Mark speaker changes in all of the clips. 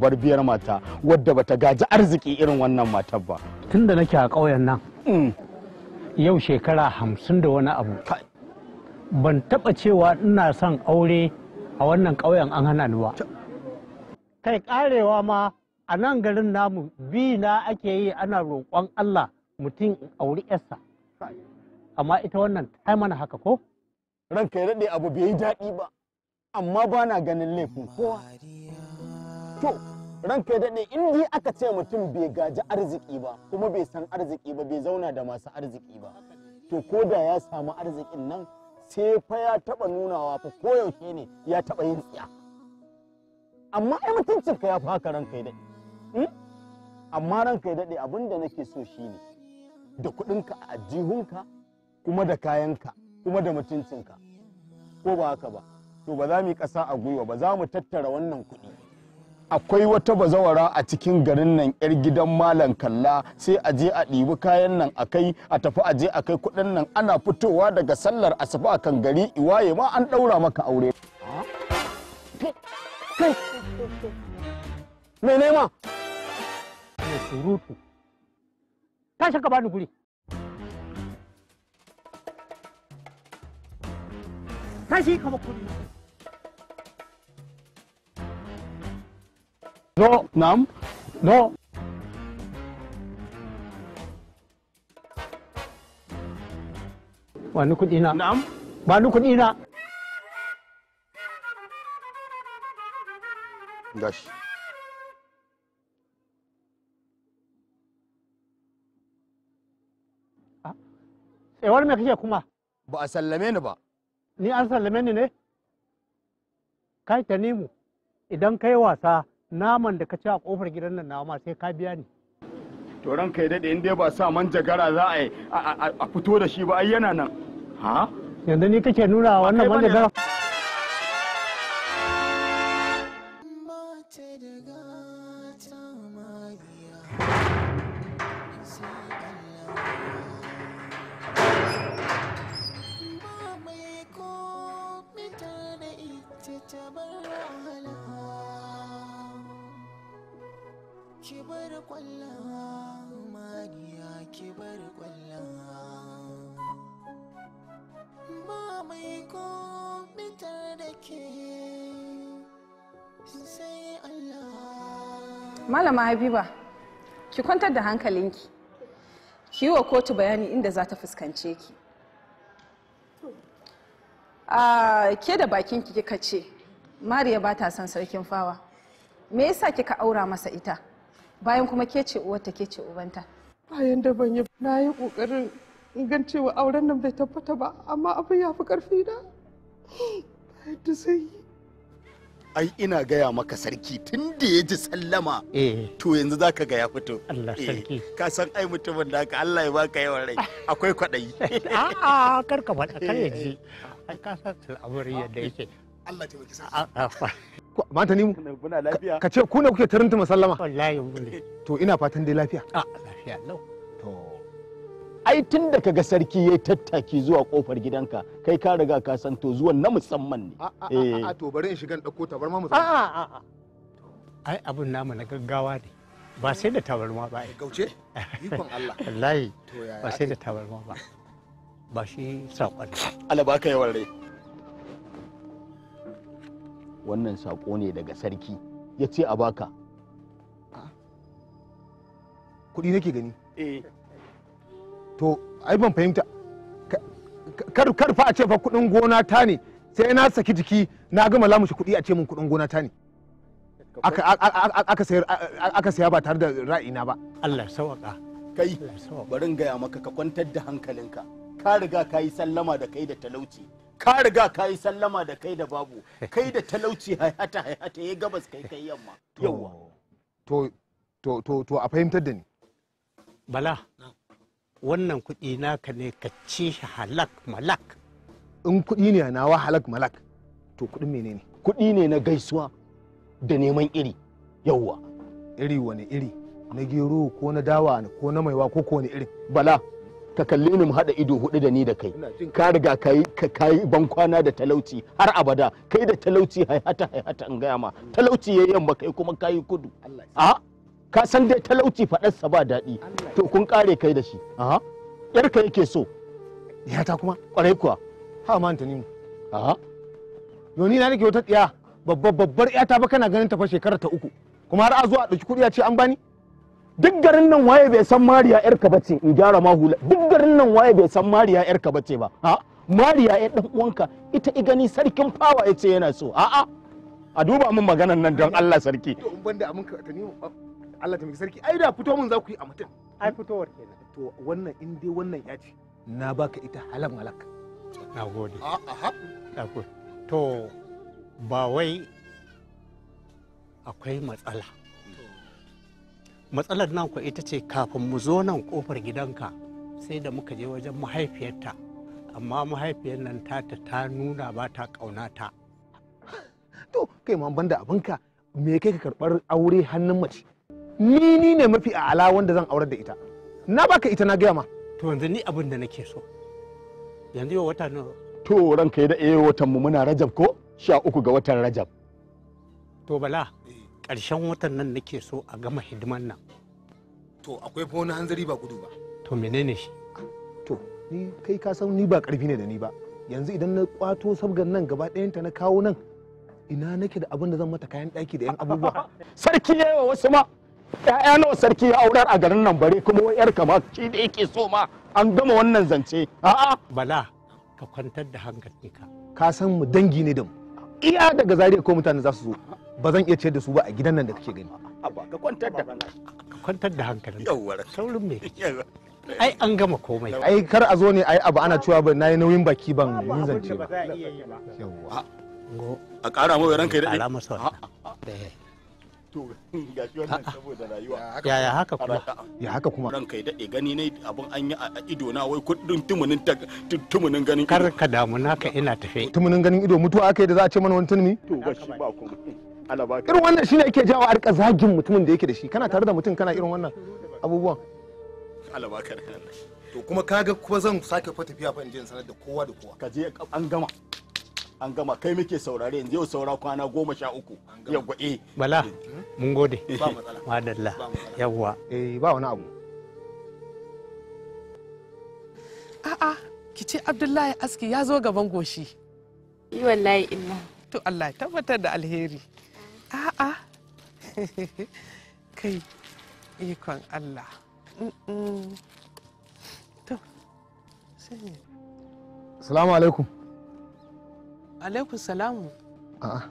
Speaker 1: barbiyar mata wadda bata gaji arziki irin wannan matar ba
Speaker 2: tun da nake a ƙauyen nan mm. yau shekara hamsin da wani abu ban taɓa cewa ina son aure a wannan ƙauyen an hana ni ba kai ƙarewa ma a nan garin namu bi na ake yi ana roƙon Allah mutum auri yarsa amma ita wannan ta mana haka ko ranka ya daɗe
Speaker 1: abu bai yi daɗi ba amma ba na ganin laifin kowa To, ranka daɗe in dai aka ce mutum bai gaji arziki ba, kuma bai san arziki ba, bai zauna da masu arziki ba. To, ko da ya samu arzikin nan, sai fa ya taɓa nunawa fa koyaushe ne ya taɓa yin tsiya. Amma ai mutuncinka ya fi haka ranka daɗe. Hmm? Amma ranka daɗe abin da nake so shi ne, da kuɗinka a ajihunka, kuma da kayanka, kuma da mutuncinka. Ko ba haka ba, to ba za mu yi ƙasa a gwiwa ba, za mu tattara wannan kuɗi. akwai wata bazawara a cikin garin nan yar gidan malam kalla sai a je a ɗibi kayan nan a kai a tafi a je a kai kuɗin nan ana fitowa daga sallar asafi a kan gari iwaye ma an ɗaura maka aure.
Speaker 3: Mai kama kuri.
Speaker 2: No, nam, no. Ba ni kuɗi na. Na'am. Ba ni kuɗi na. Gashi. Tsewar ah. eh, me kake kuma? Ba a sallame ni ba. Ni an sallame ni ne? Kai ta nimu, idan kai wasa naman da ka ci a kofar gidan nan nawa sai ka biya ni
Speaker 1: to ranka ya dade in ba sa manjagara za a fito da shi ba ai yana nan ha
Speaker 2: yanzu ni kake nuna wannan manjagara
Speaker 4: habiba ki kwantar da hankalinki ki yi wa kotu bayani inda za ta fuskance ki a ke da bakinki kika ce mariya ba ta son sarkin fawa me yasa kika
Speaker 5: aura masa ita bayan kuma ke ce uwarta ke ce ubanta bayan da ban yi na yi kokarin gan cewa auren nan bai tabbata ba amma abin ya fi karfi da bayan da zai
Speaker 1: ai ina gaya maka sarki tun da ya ji sallama eh. to yanzu za ka gaya fito Allah eh, sarki ka san ai mutumin da haka Allah ya baka yawan rai akwai kwaɗayi
Speaker 2: a'a ah, kar ka faɗa kar ya ji eh. ai ka san al'amari yadda yake Allah ta baki sarki ah,
Speaker 1: ah, mata ni ka ce ku ne kuke tarinta masallama wallahi to ina fatan dai lafiya a lafiya lau ai tun da kaga sarki ya tattaki zuwa kofar gidanka kai ka riga ka san to zuwan na
Speaker 2: musamman ne
Speaker 1: a a eh. to bari in shiga dauko tabarma musamman a a
Speaker 2: ai abun namu na gaggawa ne ba sai da tabarma ba gauce ikon Allah wallahi ba sai da tabarma ba ba shi sakon
Speaker 1: Allah baka yawan rai wannan sako ne daga sarki ya ce a baka kuɗi nake gani eh to ai ban fahimta kar kar fa a ce fa kudin gona ta ne sai na saki jiki na gama shi kudi a ce min kudin gona ta ne aka saya ba tare da ra'ina ba
Speaker 2: Allah sauka
Speaker 1: kai barin gaya maka ka kwantar da hankalinka ka riga ka yi sallama da kai da talauci ka riga ka yi sallama da kai da babu kai da talauci hayata hayata ya gabas kai kai yamma yawa to to to to a fahimtar da ni
Speaker 2: bala wannan kuɗi naka ne ka ci shi halak malak
Speaker 1: in kuɗi ne nawa halak malak to kuɗin menene kuɗi ne na gaisuwa da neman iri yawwa iri wani iri na gero ko na dawa ko na maiwa ko iri bala ka kalli ni mu haɗa ido hudu da ni da kai ka riga ka yi bankwana da talauci har abada kai da talauci haihata haihata in gaya ma talauci ya yamma kai kuma ka yi kudu a ka san dai talauci faɗarsa ba daɗi to kun ƙare kai da shi aha yarka yake so ta kuma ƙwarai kuwa ha ma ni aha yoni na nake wata tsiya babbar babbar yata ba kana ganin ta fa shekara ta uku kuma har a a ɗauki kuɗi a ce an bani duk garin nan waye bai san mariya yarka bace in gyara ma hula duk garin nan waye bai san mariya yarka bace ba ha mariya ya dan uwanka ita igani sarkin fawa yace yana so a'a a duba min maganan nan don Allah sarki Allah ta sarki ai da fito mun za ku yi a mutum ai fitowar kenan to wannan in
Speaker 2: dai wannan ya ce na baka ita halan malak ah, na gode to ba wai akwai matsala matsalar nan ku ita ce kafin mu zo nan kofar gidanka sai da muka je wajen mahaifiyarta amma mahaifiyar nan tata ta nuna ba ta ƙaunata
Speaker 1: to kai ma banda abinka me kai ka karbar aure hannun mace ni ne mafi a'ala wanda zan aurar da ita na baka ita na gaya ma
Speaker 2: to yanzu ni abin da nake so yanzu yau wata nawa
Speaker 1: to ranka ya da watan mu muna rajab ko sha uku ga watan rajab
Speaker 2: to bala ƙarshen watan nan nake so a gama hidiman nan to akwai fa wani hanzari ba gudu ba to menene shi
Speaker 1: to ni kai ka san ni ba karfi ne da ni ba yanzu idan na kwato sabgan nan gaba ɗayanta na kawo nan ina nake da abin da zan mata kayan ɗaki da yan abubuwa sarki yawa wasu ma 'ya'ya nawa sarki ya aurar a garin nan bare kuma wai 'yar kama shi da yake so ma an gama wannan zance
Speaker 2: a'a bala ka kwantar da hankalinka
Speaker 1: ka san mu dangi ne da mu iya daga zariya ko mutane za su zo ba zan iya ce da su ba a gidan nan da kake gani
Speaker 2: ka kwantar da ka kwantar da hankalinka saurin me ai an gama komai ai kar a
Speaker 1: zo ne ai abu ana cewa na nayi nauyin baki ban yin zance ba
Speaker 2: a ƙara mawa kai da to
Speaker 1: gashi wannan saboda rayuwa yaya haka kuma ya haka kuma dade gani ne abun an yi a ido na wai kudin tumunin tumunin ganin kar ka damu naka ina tafe tumunin ganin ido mutuwa akai da za a ce mana wani tunumi to ba ana baka irin wannan shine yake jawo a rika zagin mutumin da yake da shi kana tare da mutum kana irin wannan abubuwan baka to kuma kaga kuma zan sake fa tafiya fa in je sanar da kowa da kowa kaje an gama an gama kai muke saurare yanzu yau saura kwana goma sha uku yawwa
Speaker 2: eh bala eh. mun gode ba matsala madalla yawwa eh ba wani abu
Speaker 5: a'a ki ce abdullahi aski ya zo gaban goshi yi wallahi inna to allah tabbatar da alheri a'a kai ikon allah to
Speaker 1: salamu alaikum
Speaker 5: alaikum salamu
Speaker 1: a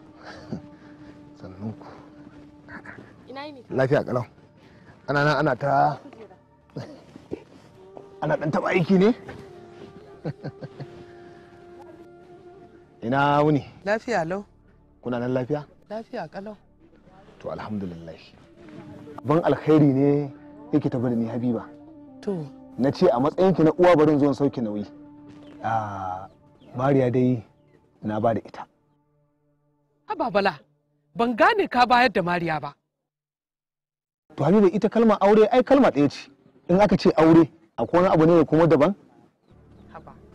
Speaker 1: sannan ku ina yi lafiya kalau ana nan ana ta ana dan taba aiki ne ina wuni lafiya lau kuna nan lafiya
Speaker 5: lafiya kalau
Speaker 1: to alhamdulillah ban alkhairi ne yake taɓa da ni habiba to na ce a matsayinki na uwa barin zuwan sauki nauyi a ah, mariya dai na ba da ita
Speaker 5: haba bala ban gane ka bayar da mariya ba
Speaker 1: to da ita kalma aure ai kalma ɗaya ce in aka ce aure akwai wani abu ne kuma daban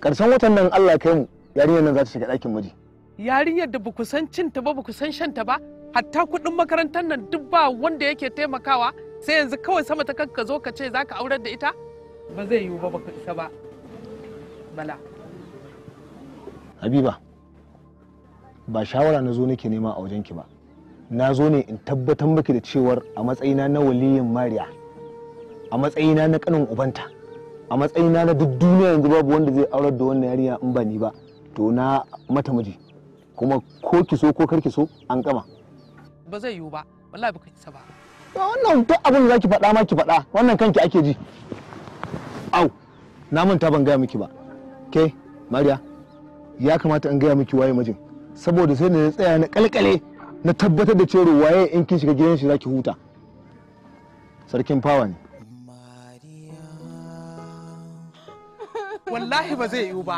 Speaker 1: karshen watan nan Allah kai mu yarinyar nan za ta shiga ɗakin miji
Speaker 5: yarinyar da baku san cinta ba baku san shanta ba hatta kuɗin makarantar nan duk ba wanda yake taimakawa sai yanzu kawai sama ta kanka zo ka ce za ka aurar da ita ba zai yiwu ba baka isa ba bala
Speaker 1: habiba ba shawara na zo nake nema a wajenki ba na zo ne in tabbatar miki da cewar a matsayina na waliyin mariya a matsayina na kanin ubanta a matsayina na duk duniya yanzu babu wanda zai aurar da wannan yarinya in ba ni ba to na mata miji kuma ko ki so ko kar ki so an kama
Speaker 5: ba zai yiwu ba wallahi baka isa ba
Speaker 1: to wannan duk abin da zaki faɗa ma ki faɗa wannan kanki ake ji au na manta ban gaya miki ba ke mariya ya kamata in gaya miki waye mijin saboda sai na tsaya na kalkale na tabbatar da cewa waye in kin shiga gidan shi zaki huta sarkin fawa ne
Speaker 5: wallahi ba zai yiwu ba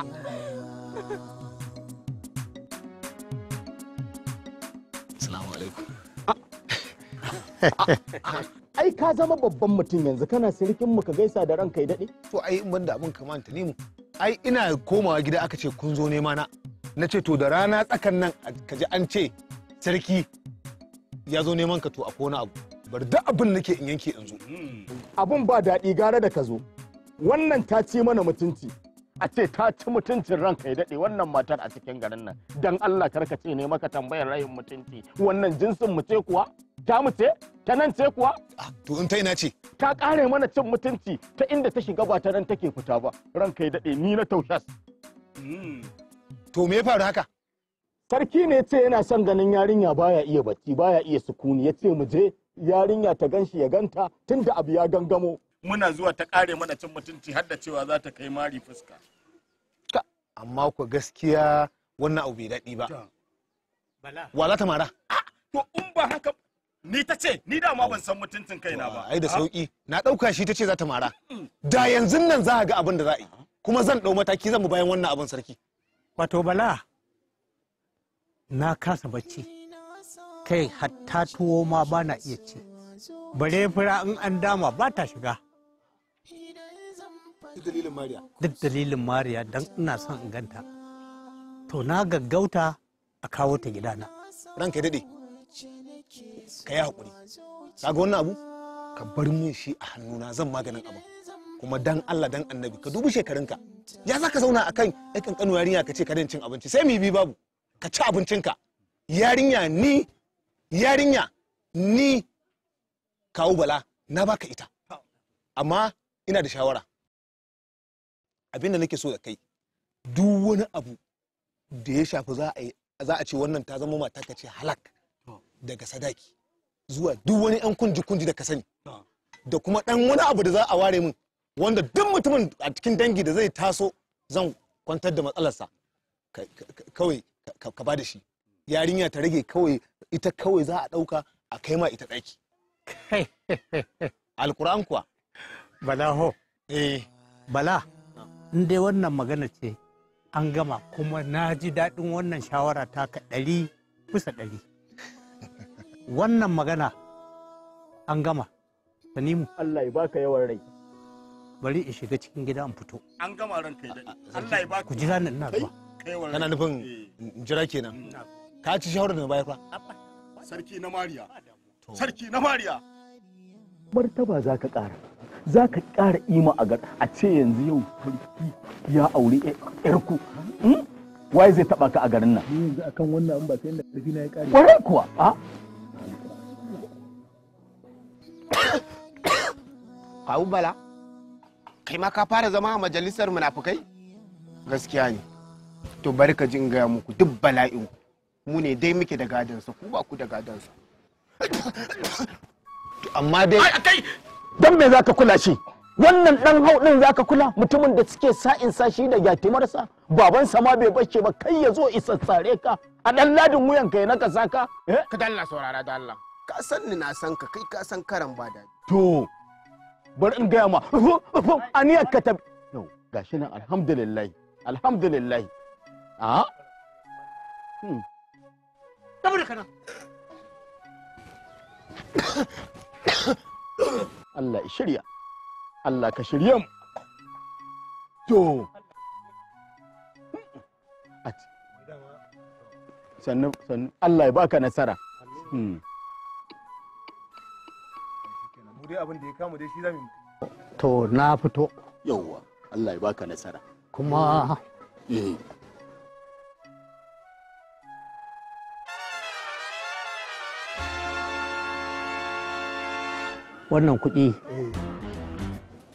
Speaker 1: assalamu alaikum ah, ah, ah. ai ka zama babban mutum yanzu kana sirikin mu ka gaisa da ranka ya daɗe to ai in banda abin kamanta ne mu ai ina komawa gida aka ce kun zo nema na na ce to da rana tsakan nan ka ji an ce sarki ya zo neman ka to a kona abu bari duk abin nake in yanke in zo hmm. abun ba daɗi gara da ka zo wannan ta ce mana mutunci a ce ta ci mutuncin ranka ya daɗe wannan matar a cikin garin nan don Allah karka ce ne maka tambayar rayin mutunci wannan jinsin mu ce kuwa ta mu ce ta nan ce kuwa ah, to in ta ina ce ta kare mana cin mutunci ta inda ta shiga ba ta nan take fita ba ranka ya daɗe ni na taushas hmm. to me ya faru haka sarki ne ce yana son ganin yarinya baya iya bacci baya iya sukuni ya ce mu je yarinya ta ganshi ya ganta tunda abu ya gangamo muna zuwa ta kare mana cin mutunci har da cewa za ta kai mari fuska amma ku gaskiya wannan abu bai daɗi ba wa za ta mara to in ba haka ni ta ce ni dama ban san mutuncin kaina ba ai da sauki na ɗauka shi ta ce za ta mara mm. da yanzu nan za ga abin da za a yi kuma zan ɗau mataki zan mu bayan wannan abin sarki wato bala
Speaker 2: na kasa bacci kai hatta tuwo ma ba na iya ci bare fura in an dama ba ta shiga Duk dalilin Mariya don ina son in ganta. To na gaggauta a kawo ta gidana.
Speaker 1: Ran ka daɗe,
Speaker 6: ka yi haƙuri. Ka ga wannan abu?
Speaker 1: Ka bar min shi a hannuna zan maganin abin. Kuma dan Allah dan annabi ka dubi shekarunka. Ya za ka zauna a kan ɗan ƙanƙanu yarinya ka ce ka cin abinci sai mu bi babu. Ka ci abincinka. Yarinya ni, yarinya ni kawo bala na baka ita. Amma ina da shawara. abinda nake so da kai duk wani abu da ya shafi za a ce wannan ta zama mata ka ce halak daga sadaki zuwa duk wani yan kunji kunji da ka sani da kuma dan wani abu da za a ware min wanda duk mutumin a cikin dangi da zai taso zan kwantar da matsalarsa kawai ka ba da shi yarinya ta rage kawai ita kawai za a ɗauka a kai ma ita ɗaki
Speaker 2: alkur'an kuwa bala ho eh bala in dai wannan magana ce an gama kuma na ji daɗin wannan shawara ta ka ɗari kusa ɗari wannan magana an gama sanimu. Allah ya baka yawan rai bari in shiga cikin gida in fito
Speaker 1: an gama ran kai daɗi Allah ya baka
Speaker 2: ku jira nan na zuwa kana nufin eh. jira kenan
Speaker 1: ka ci shawarar da bai fa sarki na mariya sarki na mariya martaba za ka ƙara za ka ƙara ima a gar a ce yanzu yau sarki ya aure yarku hmm? waye zai taba ka a garin nan yanzu akan wannan an ba sai da karfi na ya ƙare kwarai kuwa a kawu bala kai ma ka fara zama a majalisar munafukai gaskiya ne to bari ka jin gaya muku duk bala'in mu ne dai muke da gadansa ku ba ku da gadansa amma dai don me zaka kula shi wannan dan hau din zaka kula mutumin da suke sa'in sa shi da yatimarsa sa ma bai bace ba kai yazo zo isassare ka a dan ladin wuyan ka ya naka saka ka dalla saurara da Allah ka san ni na san ka kai ka san karan ba da to bari in gaya ma aniyar ka ta to gashi nan alhamdulillah alhamdulillah a hmm. Tabbata kana. Allah ya shirya Allah ka shirya mu to sannan Allah ya baka nasara hmm.
Speaker 2: to na fito
Speaker 1: yauwa Allah ya baka nasara
Speaker 2: kuma hmm. wannan kuɗi eh.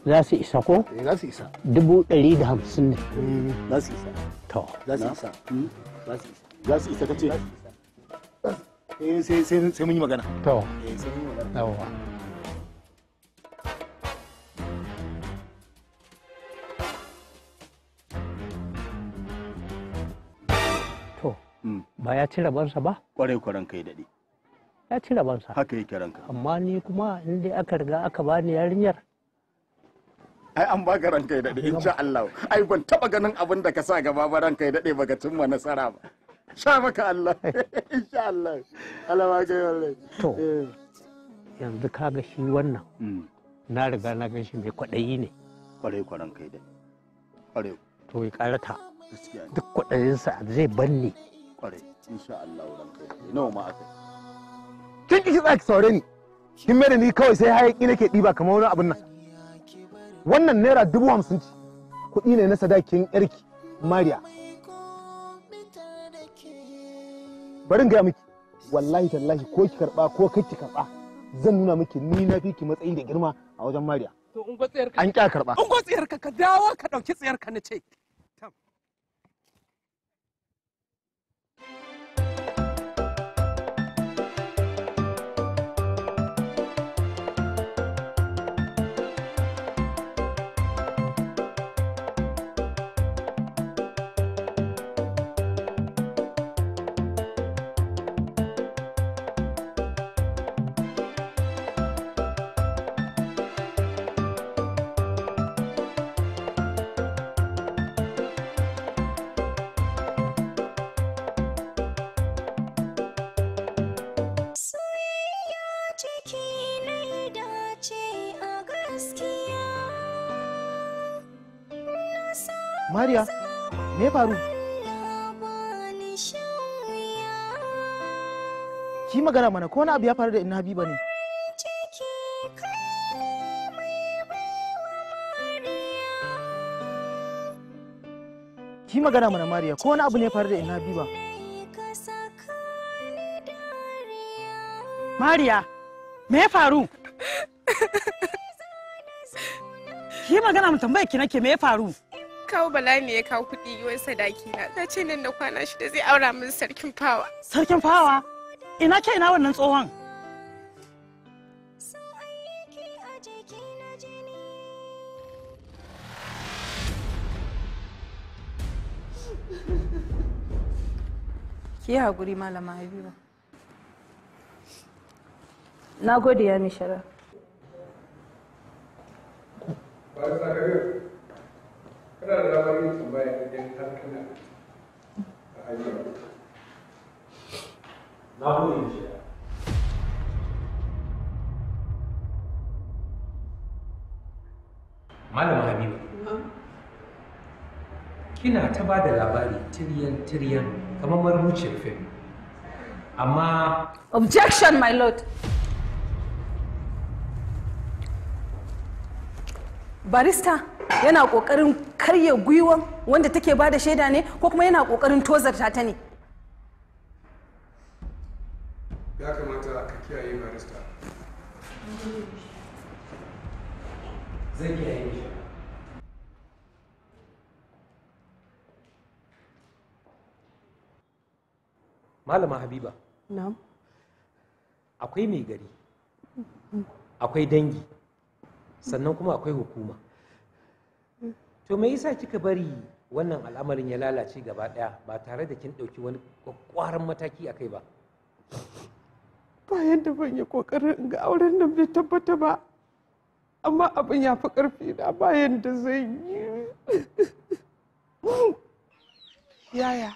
Speaker 2: za su isa ko? Eh, za su isa dubu ɗari da hamsin ne eh, za su isa to
Speaker 1: za su hmm? isa za su isa ce sai mun yi magana
Speaker 2: to hmm. ba ya ci rabarsa ba? Kwarai
Speaker 1: kwaran kai daɗi.
Speaker 2: ya ci rabansa haka yake ranka amma ni kuma inda aka riga aka bani yarinyar
Speaker 1: ai an baka ranka da in sha Allah ai ban taba ganin abin da ka sa gaba ba ranka da dade baka cimma nasara ba sha maka Allah in sha Allah Allah ba eh. ga yalle to
Speaker 2: yanzu kaga shi wannan hmm. na riga na gan shi mai kwadayi ne kwarai kwaran kai da kwarai to ya karata duk kwaɗayinsa zai banne kwarai
Speaker 1: in sha Allah ranka ya nawa ma aka
Speaker 2: kin kishi tsaki saure ni kin mere
Speaker 1: ni kawai sai hayaki nake ɗiba kamar wani abin nan wannan naira dubu hamsin ce kuɗi ne na sadakin yarki mariya bari gaya miki wallahi tallahi ko ki karɓa ko kai ki karɓa zan nuna miki ni na fi ki matsayi da girma a wajen mariya
Speaker 5: an ƙya karɓa in ko tsayarka ka dawo ka ɗauki tsayarka na ce me faru
Speaker 1: ki magana mana ko wani abu ya faru da ina habiba ne
Speaker 3: ki magana mana mariya ko wani abu ne faru da ina habiba mariya me ya faru ki magana mu tambaya ki nake me ya faru
Speaker 5: kawo bala ne ya kawo kuɗi yawan sadaki na ta ce nan da kwana shida zai aura min sarkin
Speaker 3: fawa sarkin fawa ina ke ina wannan tsohon
Speaker 6: ki
Speaker 4: yi haƙuri malama habiba na gode ya mishara
Speaker 7: kana da damar yin tambaya idan har kana a hanyar
Speaker 8: na gode shi malam Habibu. Kina ta ba da labari tiryan-tiryan kamar marubuciyar fim. Amma...
Speaker 4: Objection, my lord! Barista, yana kokarin karya gwiwan wanda take ba da shaida ne ko kuma yana kokarin tozarta ta ne
Speaker 7: ya kamata ka kiyaye barista
Speaker 8: zai kiyaye malama habiba na'am akwai mai gari akwai dangi sannan kuma akwai hukuma to me
Speaker 5: yasa kika bari
Speaker 8: wannan al'amarin ya lalace gaba daya ba tare da kin dauki wani kwakwaran mataki a kai ba
Speaker 5: bayan da ban yi kokarin ga auren nan bai tabbata ba amma abin ya fi karfi na bayan da zai yi yaya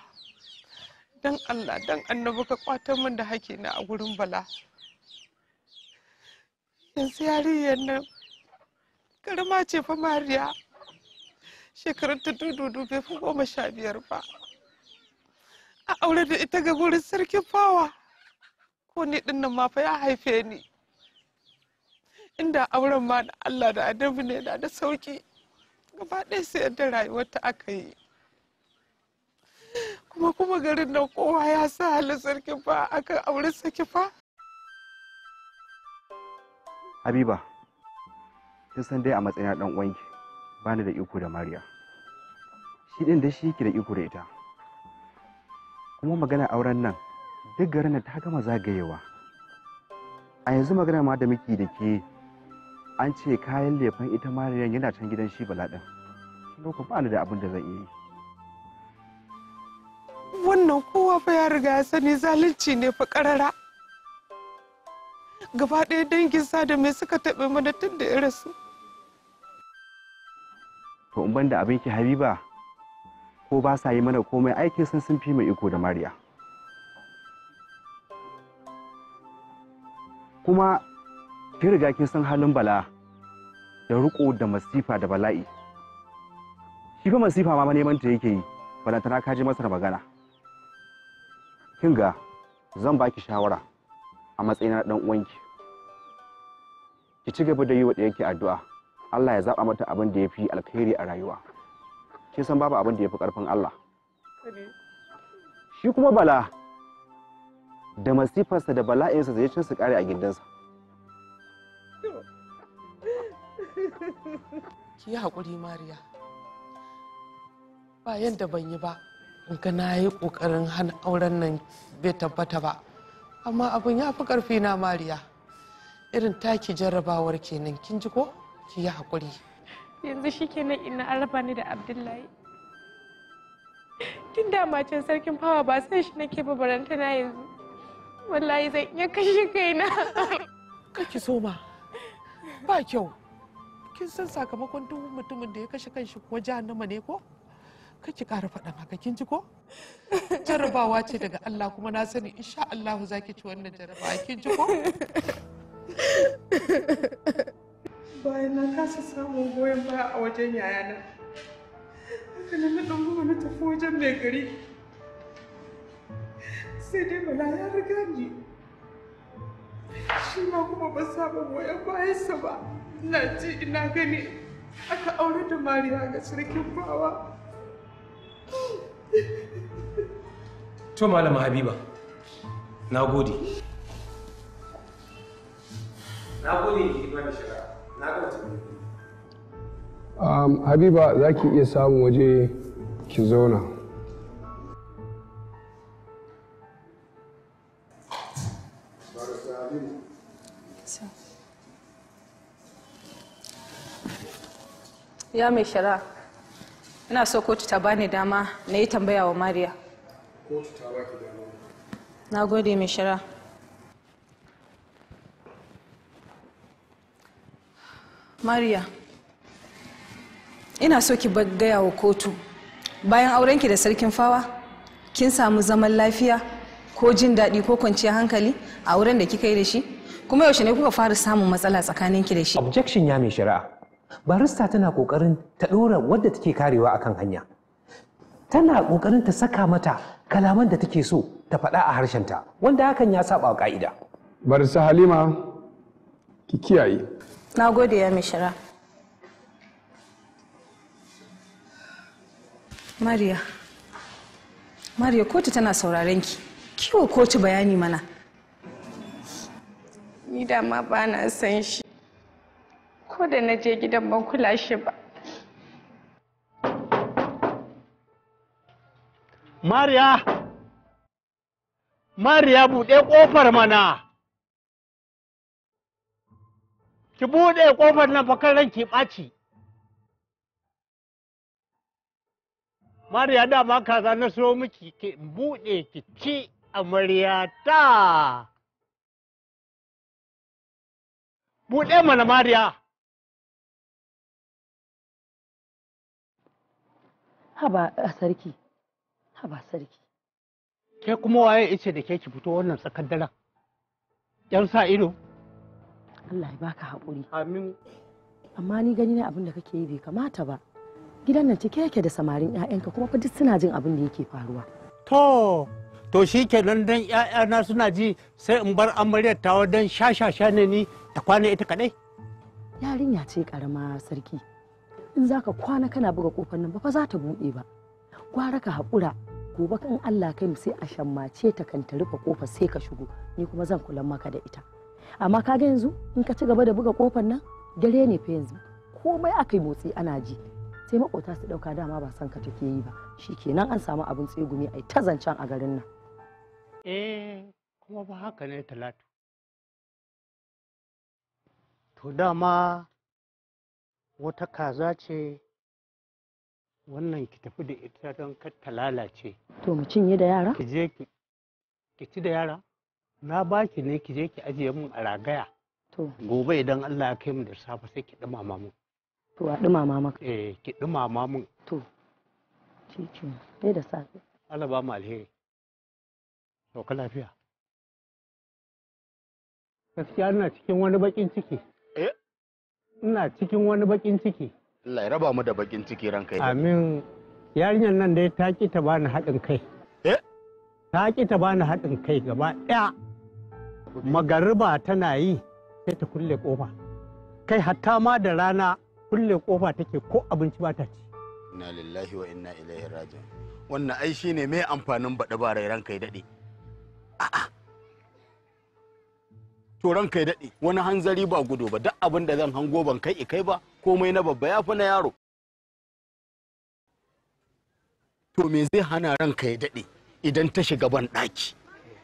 Speaker 5: dan Allah dan annabi ka kwatar min da hake na a gurin bala yanzu yarinyar nan karma ce fa mariya shekarun ta dududu bai fi goma sha biyar ba a aure da ita ga wurin sarkin fawa ko ni din nan ma fa ya haife ni inda auren ma da Allah da adabu ne da da sauki gaba ɗaya sai yadda rayuwar ta aka yi kuma kuma garin nan kowa ya sa halin sarki fa aka auren sarki fa
Speaker 9: Habiba kin san dai a matsayin dan uwanki Bani da iko da mariya shi ɗin da shi yake da iko da ita kuma magana auren nan duk garin ta gama zagayewa a yanzu magana ma da miki da ke an ce kayan lefan ita Mariya yana can gidan shi bala ɗin lokacin ba ni da abin da zan yi
Speaker 5: wannan kowa fa ya riga ya sani zalunci ne fa karara gaba ɗaya dangin sa da mai suka taɓe mana tun da ya rasu
Speaker 9: to in banda abin ki habiba ko ba sa yi mana komai aikin sun sun fi mai iko da mariya kuma kin riga kin san halin bala da riko da masifa da bala'i shi fa masifa ma neman ta yake yi balantana ka ji masa magana kin ga zan baki shawara a matsayin na dan uwanki ki ci gaba da yi wa ɗayanki addu'a Allah ya zaba mata abin da ya fi alkhairi a rayuwa kin san babu abin da ya fi ƙarfin Allah shi kuma bala da masifarsa da bala'insa zai cin su kare a gindinsa
Speaker 5: ki yi haƙuri mariya ba yadda ban yi ba ga na yi ƙoƙarin hana auren nan bai tabbata ba amma abin ya fi ƙarfi na mariya irin taki jarrabawar kenan kin ji ko? ki yi haƙuri
Speaker 6: yanzu shi ke nan ina alaba ni da abdullahi tun da macen sarkin fawa ba san shi nake ba na yanzu wallahi zan iya kashe kaina
Speaker 5: Kaki so ma ba kyau kin san sakamakon duk mutumin da ya kashe kanshi ko jahannama ne ko Kaki ƙara faɗan haka kin ji ko jarabawa ce daga Allah kuma na sani insha Allah zaki ci wannan jarabawa kin ji ko bayan na kasa samun goyon baya a wajen yayana haka na na ɗan na tafi wajen mai gari sai dai bala ya riga ni shi ma kuma ba samun goyon bayansa ba ina ji ina gani aka aure da mariya ga sarkin bawa
Speaker 8: to malama habiba na gode
Speaker 5: na gode ki ba da shiga
Speaker 7: Um, Habiba za ki iya samun waje ki zauna.
Speaker 4: Ya mai shara, ina so kotu ta bani dama na yi tambaya wa Mariya.
Speaker 7: Kotu ta ki dama.
Speaker 4: Na gode mai shara. maria ina so ki gaya wa kotu bayan aurenki da sarkin fawa kin samu zaman lafiya ko jin daɗi ko kwanciyar hankali a auren da kika yi da shi kuma yaushe ne kuka fara samun matsala
Speaker 8: tsakanin ki da shi. Objection ya mai shari'a. Barista tana kokarin ta ɗora wadda take karewa akan hanya. Tana kokarin ta saka mata kalaman da take so ta faɗa a harshenta wanda hakan ya saba wa ƙa'ida. Barista Halima ki
Speaker 7: kiyaye.
Speaker 4: na gode ya mishira mariya mariya kotu tana sauraren ki kiwo kotu bayani mana
Speaker 6: ni da ma ba na san shi ko da na je gidan ban kula shi ba
Speaker 2: mariya mariya buɗe ƙofar mana ki buɗe ƙofar nan fakar ranki ɓaci mariya da ma kaza na so miki ki buɗe ki ci amaryata
Speaker 3: buɗe mana mariya haba a sarki haba sarki ke kuma waye ice da ke ki fito wannan tsakar daren yan sa ido Allah ya baka hakuri. Amin. Amma ni gani ne abin da kake yi bai kamata ba. Gidan nan cike yake da samarin 'ya'yanka kuma fa duk suna jin abin da yake faruwa. To,
Speaker 2: to shi nan dan 'ya'yana suna ji sai in bar amaryar tawa dan shashasha ne ni ta kwana ita kaɗai.
Speaker 3: Yarinya ce karama sarki. In za ka kwana kana buga kofar nan ba fa za ta buɗe ba. Gwara ka haƙura gobe kan Allah kai mu sai a shammace ta kan ta rufe kofar sai ka shigo ni kuma zan kula maka da ita. amma kaga yanzu in ka ci gaba da buga kofar nan dare ne fa yanzu komai aka yi motsi ana ji sai makota su dauka dama ba san ka take yi ba shi kenan an samu abin tsegumi ai ta zancen a garin nan
Speaker 2: eh kuma ba haka ne talatu to dama wata kaza ce wannan ki tafi da ita don kar ta lalace
Speaker 3: to mu cinye da yara ki
Speaker 2: je ki ci da yara na baki ne ki je ki ajiye min a ragaya gobe idan Allah ya kai mu da safe sai ki dumama min
Speaker 3: to a dumama maka
Speaker 2: eh ki dumama min to
Speaker 3: cici ne da safe
Speaker 2: Allah ba mu alheri to ka lafiya gaskiya ina cikin wani bakin ciki eh ina cikin wani bakin ciki
Speaker 1: Allah ya raba mu da bakin ciki ranka amin
Speaker 2: yarinyar nan dai ta ki ta bani haɗin kai eh ta ki ta bani haɗin kai gaba ɗaya magariba tana yi sai ta kulle kofa kai hatta ma da rana kulle kofa take ko abinci ba ta ci inna
Speaker 1: lillahi wa inna ilaihi raji'un wannan ai shine mai amfanin bada ba rai ranka ya daɗe a'a to ranka ya dade wani hanzari ba gudu ba duk abin da zan hango ban kai kai ba komai na babba ya na yaro to me zai hana ranka ya daɗe idan ta shiga ban daki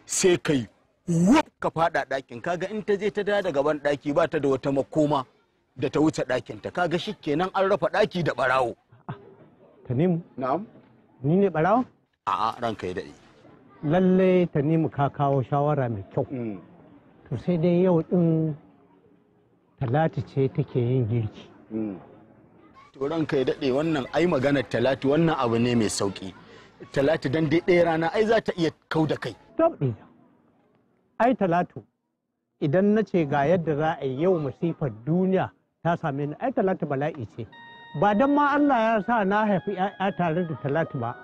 Speaker 1: sai kai wuf ka fada ɗakin kaga in ta je ta da gaban ɗaki ba ta da wata makoma da ta wuce dakin ta kaga shi kenan an rafa ɗaki da ɓarawo.
Speaker 2: Tanimu? Na'am. Ni ne ɓarawo?
Speaker 1: A'a ranka ya
Speaker 2: lalle Tanimu ka kawo shawara mai kyau. Mm. To sai dai yau ɗin Talatu ce take yin girki.
Speaker 1: Mm. To ranka ya daɗe wannan ai maganar Talatu wannan abu ne mai sauki Talatu dan dai ɗaya rana ai za ta iya kau da kai.
Speaker 2: ai talatu idan na ce ga yadda za a yi yau masifar duniya ta same ni ai talatu bala'i ce ba don ma Allah ya sa na haifi 'ya'ya tare da talatu ba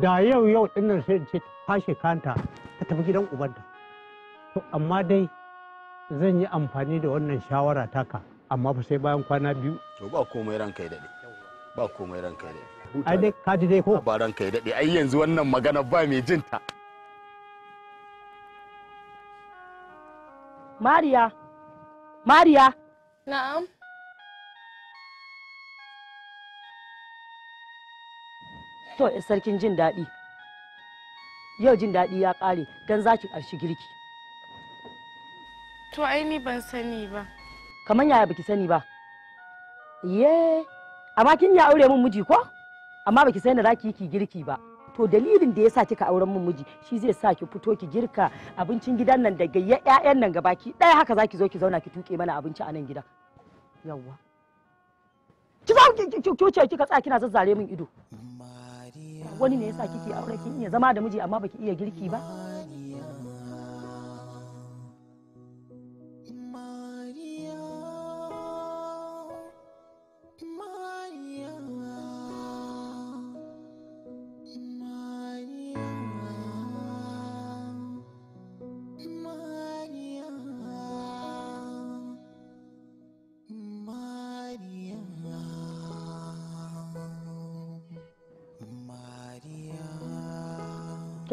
Speaker 2: da yau yau dinnan sai ce fashe kanta ta tafi gidan ubanta to amma dai zan yi amfani da wannan shawara taka amma fa sai bayan kwana biyu
Speaker 1: to ba komai ranka ya dade ba komai ranka ya
Speaker 2: dade ai dai ka ji dai ko
Speaker 1: ba ranka ya dade ai yanzu wannan magana ba mai jinta
Speaker 3: Mariya. Mariya. Na'am. To, sarkin jin daɗi. Yau jin daɗi ya ƙare, don za ki ƙarshi girki.
Speaker 6: To, ai ni ban sani ba.
Speaker 3: Kamar yaya baki sani ba? Ye, amma kin ya aure mun miji ko? Amma baki sani da za ki yi ki girki ba. to dalilin da ya sa kika auren mun miji shi zai sa ki fito ki girka abincin gidan nan da gayya ƴaƴan nan gaba ki ɗaya haka zaki zo ki zauna ki tuke mana abinci a nan gidan yawwa ki zo ki kika tsaya kina zazzare min ido wani ne ya sa kike aure kin iya zama da miji amma baki iya girki ba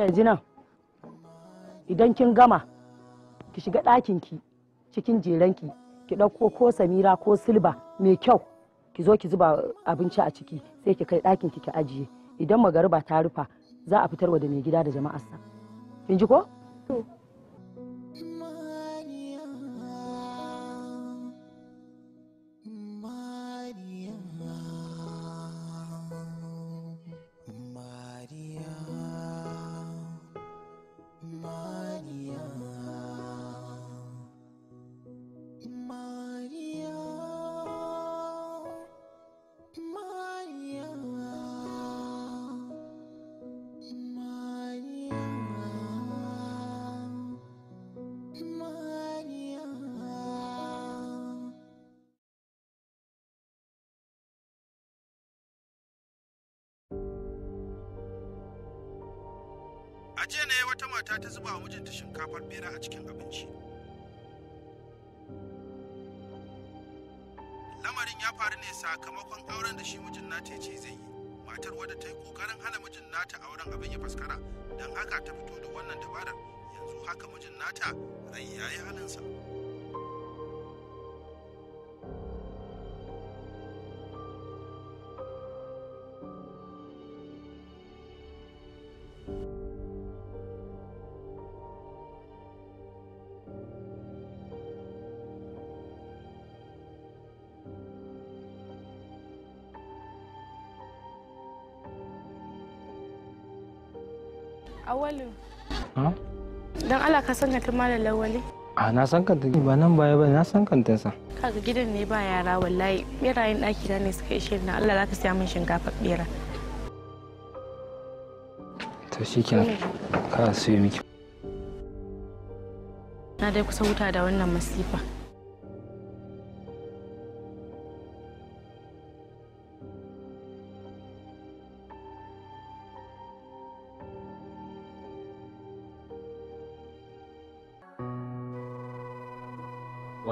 Speaker 3: yanzu nan idan kin gama ki shiga ɗakinki cikin jeranki ki ɗauko ko samira ko silba mai kyau ki zo ki zuba abinci a ciki sai ki kai ɗakinki ki ajiye idan magariba ta rufa za a fitarwa da mai gida da jama'arsa kin ji ko?
Speaker 1: bera a cikin abinci lamarin ya faru ne sakamakon auren da shi mijin nata ya ce zai yi matar wadda ta yi kokarin hana mijin nata auren abin ya faskara don haka ta fito da
Speaker 6: wannan dabara yanzu haka mijin nata rai ya yi halinsa. lawalu. Ha? Dan Allah ka san kantin malam lawali.
Speaker 8: A ah, na san kantin ba nan baya ba na san kantin sa.
Speaker 6: Kaga gidan ne ba yara wallahi berayen ɗaki na ne suka ishe na Allah za ka siya min shinkafa bera.
Speaker 8: To shikenan ka siyo miki.
Speaker 6: Na dai kusa wuta da wannan masifa.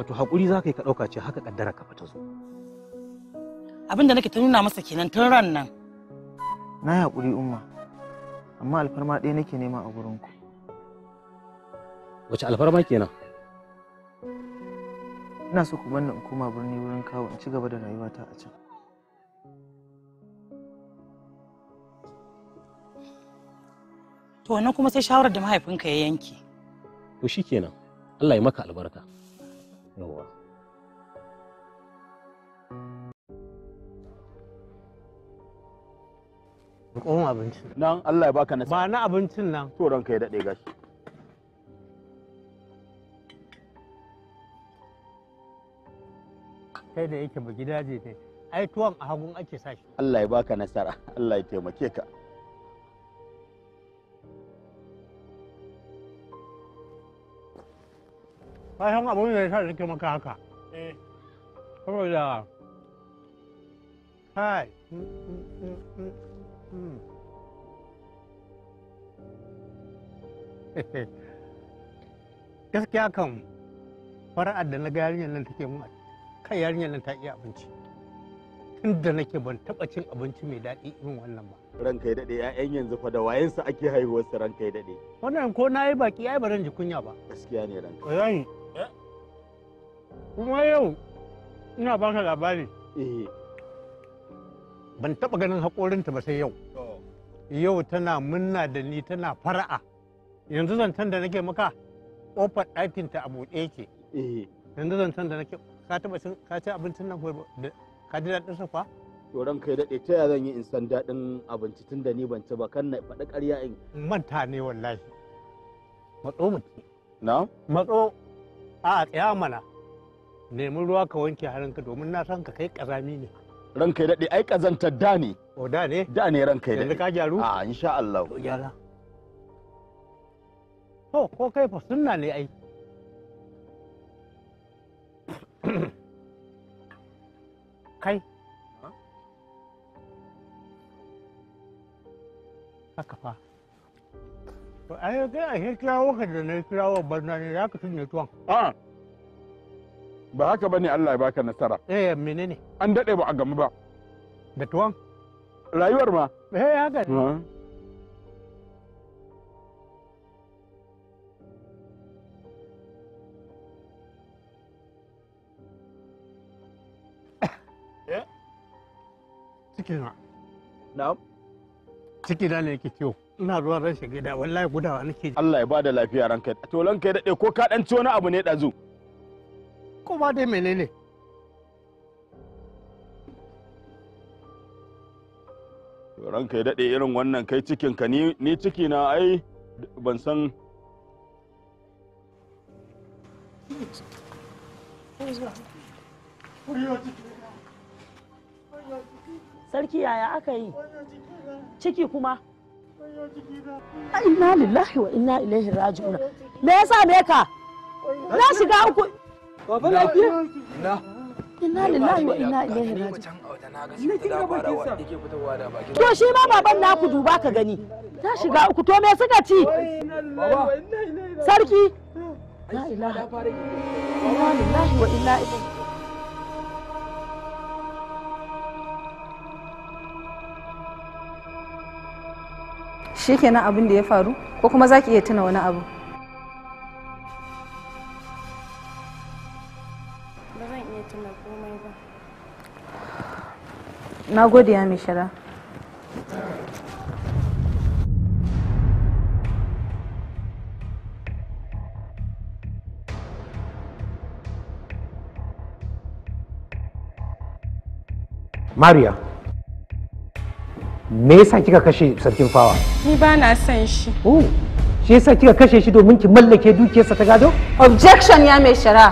Speaker 8: wato hakuri za ka yi ka ɗauka ce haka
Speaker 3: ƙaddara ka ta zo abin da nake ta nuna masa kenan tun ran nan
Speaker 1: na yi haƙuri umma amma alfarma ɗaya nake nema a ku.
Speaker 4: wace alfarma kenan
Speaker 1: ina so ku banna in
Speaker 9: koma
Speaker 3: birni wurin kawo in ci gaba da rayuwata a can to wannan kuma sai shawarar da mahaifinka ya yanke
Speaker 8: to shi kenan Allah ya maka albarka Noah.
Speaker 1: Rukon abincin. Nan Allah ya baka nasa. Ba na abincin nan. To ranka ya daɗe gashi.
Speaker 2: Kai da yake ba gidaje ne. Ai tuwon a hagun ake sa shi.
Speaker 1: Allah ya baka nasara. Allah
Speaker 2: ya taimake ka. bayan abin da ya sa nake maka haka eh. saboda kai mm, mm, mm, gaskiya kan fara'ar da na ga yarinyar nan take mun kan yarinyar nan ta iya abinci inda da nake ban taba cin abinci mai daɗi irin wannan ba
Speaker 1: ranka ya daɗe 'ya'yan yanzu fa da wayensa ake haihuwar su ranka ya daɗe
Speaker 2: wannan ko na yi baki ai ba ran jikunya ba gaskiya ne ranka kuma yau ina baka labari eh. ban taɓa ganin haƙorinta ba sai yau yau tana munna da ni tana fara'a yanzu zancen da nake maka ƙofar ɗakinta a buɗe yake eh. yanzu zancen da nake ka taba cin ka ci abincin nan ka ji daɗin sa fa
Speaker 1: to ran kai daɗe ta zan yi in san daɗin abinci tun da ni ban ci ba kan na faɗi ƙarya in
Speaker 2: manta ne wallahi matso mutum na matso a tsaya mana nemi ruwa ka wanke hannunka domin na san ka kai kazami ne
Speaker 1: ranka ya daɗe ai kazantar da ne
Speaker 2: o da ne da
Speaker 1: ne ranka daɗe yanzu ka gyaru a insha Allah to gyara
Speaker 2: to ko kai fa sunna ne ai kai haka fa to ai ga ai kirawo ka da na kirawo barna ne za ka tunye tuwon a'a ba haka ba ne Allah ya baka
Speaker 1: nasara eh menene an daɗe ba a gamu ba da tuwon rayuwar ma
Speaker 2: eh haka eh? na. ciki cikina ne yake ciwo ina zuwa rashin gida wallahi gudawa nake Allah ya bada lafiya
Speaker 1: ranka to ranka ya dade ko ka dan ci wani abu ne dazu ko ba dai menene ranka ya daɗe irin wannan kai cikinka ni ciki na ai ban san
Speaker 6: sarki yaya aka yi ciki kuma inna lillahi
Speaker 3: wa inna ilaihi raji'una me yasa me ka
Speaker 6: na shiga uku
Speaker 3: Baba lafiya? Ina. Ina lillahi wa ina ilaihi raji'un.
Speaker 5: ke sa.
Speaker 3: To shi ma baban naku duba ka gani. Ta shiga uku to me suka ci?
Speaker 5: Baba.
Speaker 4: Sarki.
Speaker 3: La ilaha. Ina lillahi wa ina ilaihi.
Speaker 4: Shi kenan abin da ya faru ko kuma za ki iya tuna wani abu? na gode ya mai shara
Speaker 8: Mariya, me yasa kika kashe sarkin fawa? Ni ba na son shi. Oh, shi yasa kika kashe shi domin ki mallake dukiyarsa ta gado?
Speaker 4: Objection ya mai shara.